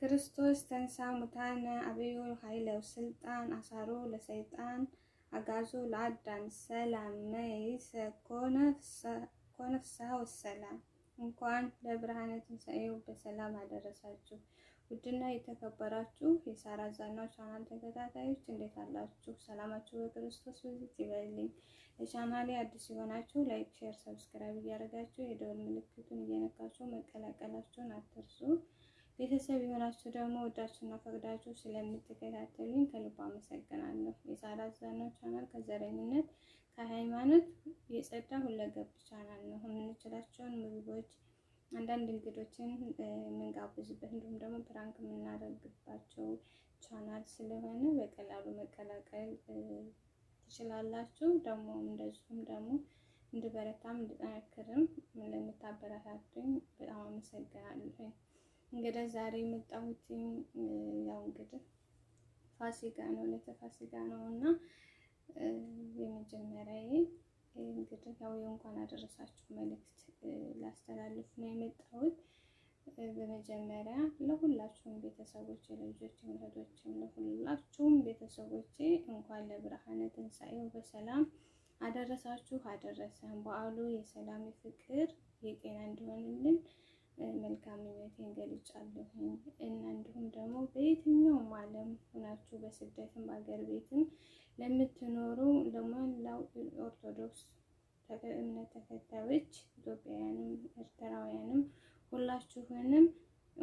ክርስቶስ ተንሳ ሙታነ አብዩ ኃይለው ስልጣን አሳሮ ለሰይጣን አጋዞ ለአዳም ሰላም ይሰኮነ ፍስሐ ወሰላም። እንኳን ለብርሃነ ትንሣኤው በሰላም አደረሳችሁ። ውድና የተከበራችሁ የሳራ ዛና ቻናል ተከታታዮች እንዴት አላችሁ? ሰላማችሁ በክርስቶስ ብዝት ይበልኝ። ለቻናሌ አዲስ የሆናችሁ ላይክ፣ ሼር፣ ሰብስክራይብ እያደረጋችሁ የደወል ምልክቱን እየነካችሁ መቀላቀላችሁን አትርሱ። ቤተሰብ የሆናችሁ ደግሞ ወዳችሁና ፈቅዳችሁ ስለምትከታተሉኝ ከልብ አመሰግናለሁ። የሳራ ዛናው ቻናል ከዘረኝነት ከሃይማኖት የጸዳ ሁለገብ ቻናል ነው። የምንችላቸውን ምግቦች፣ አንዳንድ እንግዶችን የምንጋብዝበት እንዲሁም ደግሞ ፕራንክ የምናደርግባቸው ቻናል ስለሆነ በቀላሉ መቀላቀል ትችላላችሁ። ደግሞ እንደዚሁም ደግሞ እንድበረታም እንድጠነክርም ለምታበረታቱኝ በጣም አመሰግናለሁ። እንግዲህ ዛሬ የመጣሁት ያው እንግዲህ ፋሲካ ነው፣ ዕለተ ፋሲካ ነው እና የመጀመሪያዬ እንግዲህ ያው የእንኳን አደረሳችሁ መልእክት ላስተላልፍ ነው የመጣሁት። በመጀመሪያ ለሁላችሁም ቤተሰቦች ለልጆችም፣ እህቶችም፣ ለሁላችሁም ቤተሰቦቼ እንኳን ለብርሃነ ትንሣኤው በሰላም አደረሳችሁ አደረሰን። በዓሉ የሰላም የፍቅር፣ የጤና እንዲሆንልን መልካም ምኞቴን ገልጫለሁ እና እንዲሁም ደግሞ በየትኛውም ዓለም ሆናችሁ በስደትም አገር ቤትም ለምትኖሩ ለመላው ኦርቶዶክስ እምነት ተከታዮች ኢትዮጵያውያንም ኤርትራውያንም ሁላችሁንም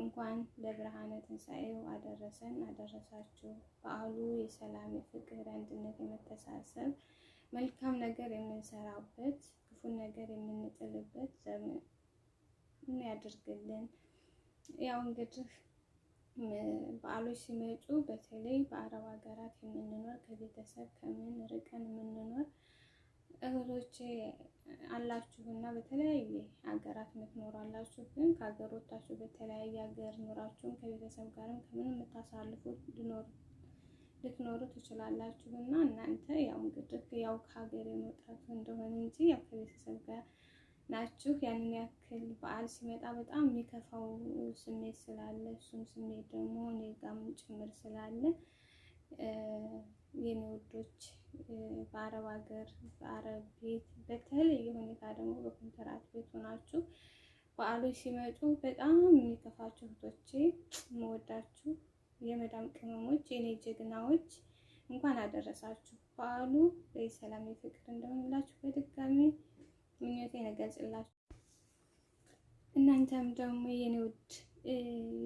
እንኳን ለብርሃነ ትንሣኤው አደረሰን አደረሳችሁ። በዓሉ የሰላም፣ የፍቅር፣ አንድነት፣ የመተሳሰብ መልካም ነገር የምንሰራበት ክፉን ነገር የምንጥልበት ዘመን ያደርግልን። ያው እንግዲህ በዓሎች ሲመጡ በተለይ በአረብ ሀገራት የምንኖር ከቤተሰብ ከምን ርቀን የምንኖር እህቶቼ አላችሁና በተለያየ ሀገራት የምትኖሩ አላችሁ። ግን ከሀገሮቻችሁ በተለያየ ሀገር ኖራችሁም ከቤተሰብ ጋርም ከምን የምታሳልፉ ልትኖሩ ትችላላችሁና እናንተ ያው እንግዲህ ያው ከሀገር የመውጣቱ እንደሆነ እንጂ ያው ከቤተሰብ ጋር ናችሁ። ያንን ያክል በዓል ሲመጣ በጣም የሚከፋው ስሜት ስላለ እሱም ስሜት ደግሞ እኔ ጋም ጭምር ስላለ የኔ ውዶች በአረብ ሀገር በአረብ ቤት በተለየ ሁኔታ ደግሞ በኮንትራት ቤት ሆናችሁ በዓሎች ሲመጡ በጣም የሚከፋችሁ እህቶቼ፣ የምወዳችሁ የመዳም ቅመሞች፣ የኔ ጀግናዎች እንኳን አደረሳችሁ። በዓሉ በሰላም የፍቅር እንደሆንላችሁ በድጋሚ ምኞቴን እገልጽላችሁ። እናንተም ደግሞ የኔ ውድ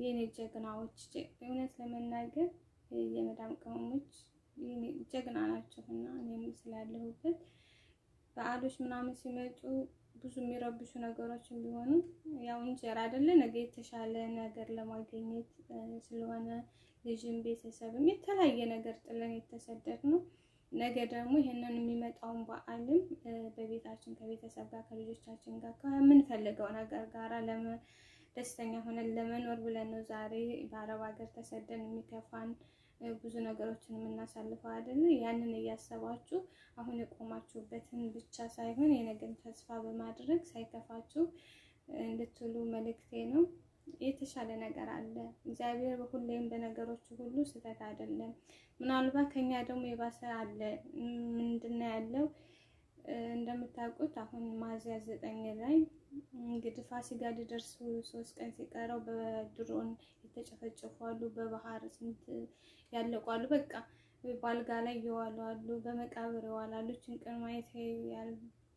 የኔ ጀግናዎች እውነት ለመናገር የመዳም ቅመሞች ጀግና ናቸው እና እኔም ስላለሁበት በዓሎች ምናምን ሲመጡ ብዙ የሚረብሹ ነገሮችን ቢሆኑ ያው እንጀራ አይደለ ነገ የተሻለ ነገር ለማግኘት ስለሆነ ልጅም ቤተሰብም የተለያየ ነገር ጥለን የተሰደድ ነው። ነገ ደግሞ ይህንን የሚመጣውን በዓልም በቤታችን ከቤተሰብ ጋር ከልጆቻችን ጋር ከምንፈልገው ነገር ጋራ ደስተኛ ሆነን ለመኖር ብለን ነው ዛሬ በአረብ ሀገር ተሰደን የሚከፋን ብዙ ነገሮችን የምናሳልፈው አይደለ? ያንን እያሰባችሁ አሁን የቆማችሁበትን ብቻ ሳይሆን የነገን ተስፋ በማድረግ ሳይከፋችሁ እንድትሉ መልእክቴ ነው። የተሻለ ነገር አለ። እግዚአብሔር ሁሌም በነገሮች ሁሉ ስህተት አይደለም። ምናልባት ከኛ ደግሞ የባሰ አለ። ምንድነው ያለው? እንደምታውቁት አሁን ሚያዝያ ዘጠኝ ላይ እንግዲህ ፋሲካ ሊደርስ ሶስት ቀን ሲቀረው በድሮን የተጨፈጨፉ አሉ፣ በባህር ስንት ያለቁ በቃ በአልጋ ላይ ይዋሉ አሉ፣ በመቃብር ይዋላሉ። ጭንቅን ማየት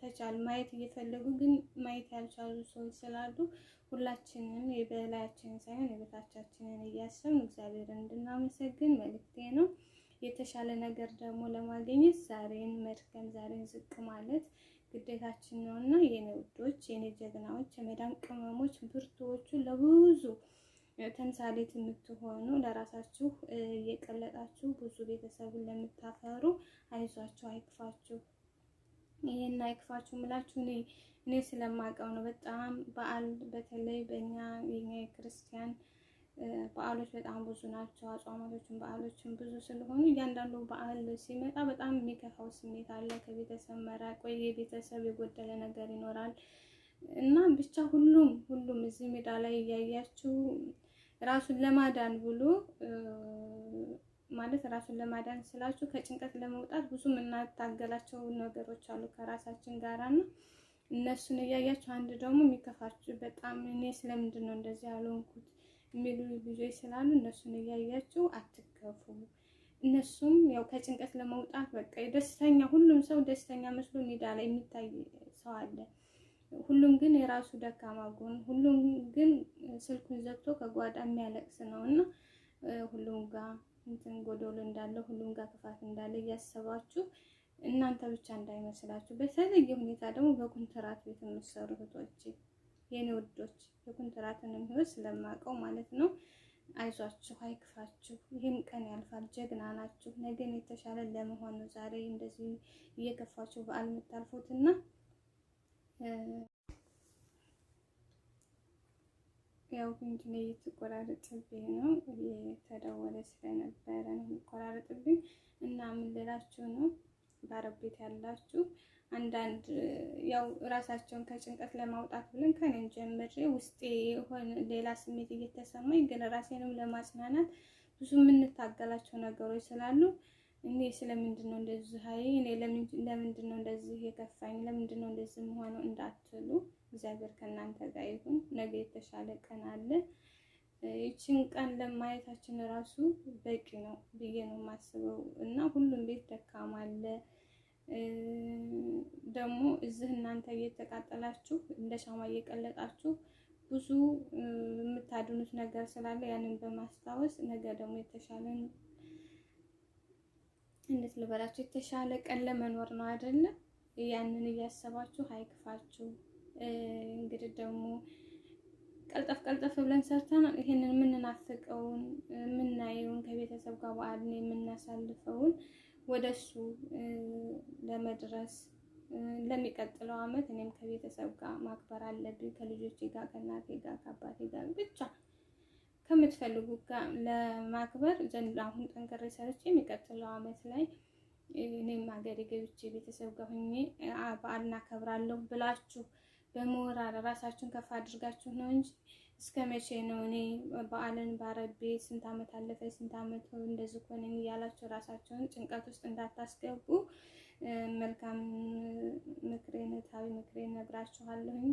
ተቻል ማየት እየፈለጉ ግን ማየት ያልቻሉ ሰዎች ስላሉ ሁላችንም የበላያችንን ሳይሆን የበታቻችንን እያሰብን እግዚአብሔርን እንድናመሰግን መልክቴ ነው። የተሻለ ነገር ደግሞ ለማገኘት ዛሬን መድከም፣ ዛሬን ዝቅ ማለት ግዴታችን ነው እና የኔ ውዶች፣ የኔ ጀግናዎች፣ የመዳም ቅመሞች ብርቱዎቹ ለብዙ ተምሳሌት የምትሆኑ ለራሳችሁ እየቀለጣችሁ ብዙ ቤተሰብን ለምታፈሩ አይዟችሁ፣ አይክፋችሁ። ይሄን አይክፋችሁ ምላችሁ እኔ እኔ ስለማውቀው ነው። በጣም በዓል በተለይ በእኛ የኛ የክርስቲያን በዓሎች በጣም ብዙ ናቸው። አጽዋማቶችን በዓሎችን ብዙ ስለሆኑ እያንዳንዱ በዓል ሲመጣ በጣም የሚከፋው ስሜት አለ። ከቤተሰብ መራቅ ወይ የቤተሰብ የጎደለ ነገር ይኖራል እና ብቻ ሁሉም ሁሉም እዚህ ሜዳ ላይ እያያችሁ ራሱን ለማዳን ብሎ ማለት ራስን ለማዳን ስላችሁ ከጭንቀት ለመውጣት ብዙ የምናታገላቸው ነገሮች አሉ ከራሳችን ጋራ ነው። እነሱን እያያችሁ አንድ ደግሞ የሚከፋችሁ በጣም እኔ ስለምንድን ነው እንደዚህ ያልሆንኩት የሚሉ ልጆች ስላሉ እነሱን እያያችሁ አትከፉ። እነሱም ያው ከጭንቀት ለመውጣት በቃ ደስተኛ ሁሉም ሰው ደስተኛ መስሎ ሜዳ ላይ የሚታይ ሰው አለ። ሁሉም ግን የራሱ ደካማ ጎን፣ ሁሉም ግን ስልኩን ዘግቶ ከጓዳ የሚያለቅስ ነው እና ሁሉም ጋር እንትን ጎዶሎ እንዳለ ሁሉም ጋር ክፋት እንዳለ እያሰባችሁ እናንተ ብቻ እንዳይመስላችሁ። በተለየ ሁኔታ ደግሞ በኮንትራት ቤት የምትሰሩ እህቶች፣ የኔ ውዶች የኮንትራትንም ህይወት ስለማውቀው ማለት ነው። አይዟችሁ፣ አይክፋችሁ። ይህም ቀን ያልፋል። ጀግና ናችሁ። ነገን የተሻለ ለመሆን ነው ዛሬ እንደዚህ እየከፋችሁ በዓል የምታልፉትና ያው እንትን እየተቆራረጥብኝ ነው እየተደወለ ስለነበረ ነው የሚቆራረጥብኝ። እና ምን ልላችሁ ነው በአረብ ቤት ያላችሁ አንዳንድ ያው ራሳቸውን ከጭንቀት ለማውጣት ብለን ከኔም ጀምሬ ውስጤ የሆነ ሌላ ስሜት እየተሰማኝ ግን ራሴንም ለማጽናናት ብዙ የምንታገላቸው ነገሮች ስላሉ እኔ ስለምንድን ነው እንደዚህ አይ እኔ ለምንድን ነው እንደዚህ የከፋኝ ለምንድን ነው እንደዚህ መሆነው እንዳትሉ። እግዚአብሔር ከእናንተ ጋር ይሁን። ነገ የተሻለ ቀን አለ። ይችን ቀን ለማየታችን ራሱ በቂ ነው ብዬ ነው የማስበው። እና ሁሉም ቤት ደካማ አለ። ደግሞ እዚህ እናንተ እየተቃጠላችሁ እንደ ሻማ እየቀለጣችሁ ብዙ የምታድኑት ነገር ስላለ ያንን በማስታወስ ነገ ደግሞ ነው። እንዴት ልበላችሁ የተሻለ ቀን ለመኖር ነው አይደለም። ያንን እያሰባችሁ አይክፋችሁ። እንግዲህ ደግሞ ቀልጠፍ ቀልጠፍ ብለን ሰርተን ይሄንን የምንናፍቀውን የምናየውን ከቤተሰብ ጋር በዓልን የምናሳልፈውን ወደሱ ለመድረስ ለሚቀጥለው ዓመት እኔም ከቤተሰብ ጋር ማክበር አለብኝ ከልጆቼ ጋር ከእናቴ ጋር ከአባቴ ጋር ብቻ ከምትፈልጉ ጋር ለማክበር ዘንድ አሁን ጠንከሬ ሰርቼ የሚቀጥለው አመት ላይ እኔም ሀገሬ ገብቼ ቤተሰብ ጋር ሆኜ በዓልን አከብራለሁ ብላችሁ በመወራረ ራሳችሁን ከፍ አድርጋችሁ ነው እንጂ እስከ መቼ ነው እኔ በዓልን ባረቤ ስንት አመት አለፈ ስንት አመት እንደዚህ ኮን እያላችሁ ራሳችሁን ጭንቀት ውስጥ እንዳታስገቡ መልካም ምክሬን ታዊ ምክሬን ነግራችኋለሁኝ።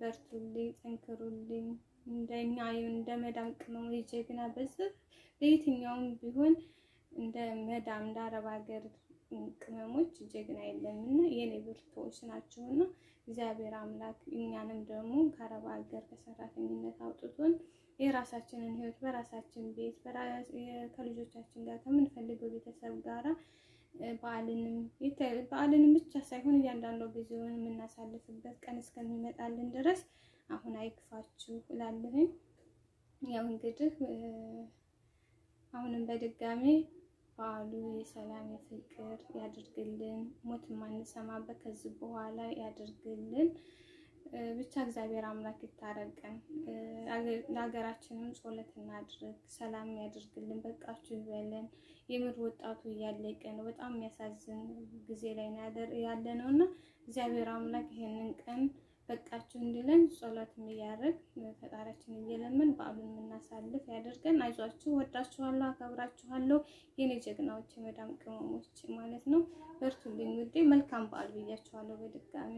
በርቱልኝ፣ ጠንክሩልኝ እንደኛ እንደ መዳም ቅመሙ ጀግና በዝፍ በየትኛውም ቢሆን እንደ መዳም እንደ አረብ ሀገር ቅመሞች ጀግና የለም የኔ ብርቶች ናቸውና እግዚአብሔር አምላክ እኛንም ደግሞ ከአረብ ሀገር ከሰራተኝነት አውጥቶን የራሳችንን ህይወት በራሳችን ቤት ከልጆቻችን ጋር ከምንፈልገው ቤተሰብ ጋራ በዓልንም ብቻ ሳይሆን እያንዳንዱ ጊዜውን የምናሳልፍበት ቀን እስከሚመጣልን ድረስ አሁን አይክፋችሁ እላለሁኝ። ያው እንግዲህ አሁንም በድጋሜ በዓሉ የሰላም የፍቅር ያድርግልን። ሞት የማንሰማበት ከዚህ በኋላ ያድርግልን። ብቻ እግዚአብሔር አምላክ ይታረቀን። ለሀገራችንም ጸሎት እናድርግ። ሰላም ያድርግልን። በቃችሁ ይበለን። የምር ወጣቱ እያለቀን በጣም የሚያሳዝን ጊዜ ላይ ያለ ነው እና እግዚአብሔር አምላክ ይሄንን ቀን በቃችሁ እንዲለን ጸሎት የሚያደርግ ፈጣሪያችን እየለመን በዓሉን የምናሳልፍ ያደርገን። አይዟችሁ፣ ወዳችኋለሁ፣ አከብራችኋለሁ የኔ ጀግናዎች፣ የመዳም ቅመሞች ማለት ነው። በርቱልኝ ውዴ። መልካም በዓል ብያችኋለሁ በድጋሚ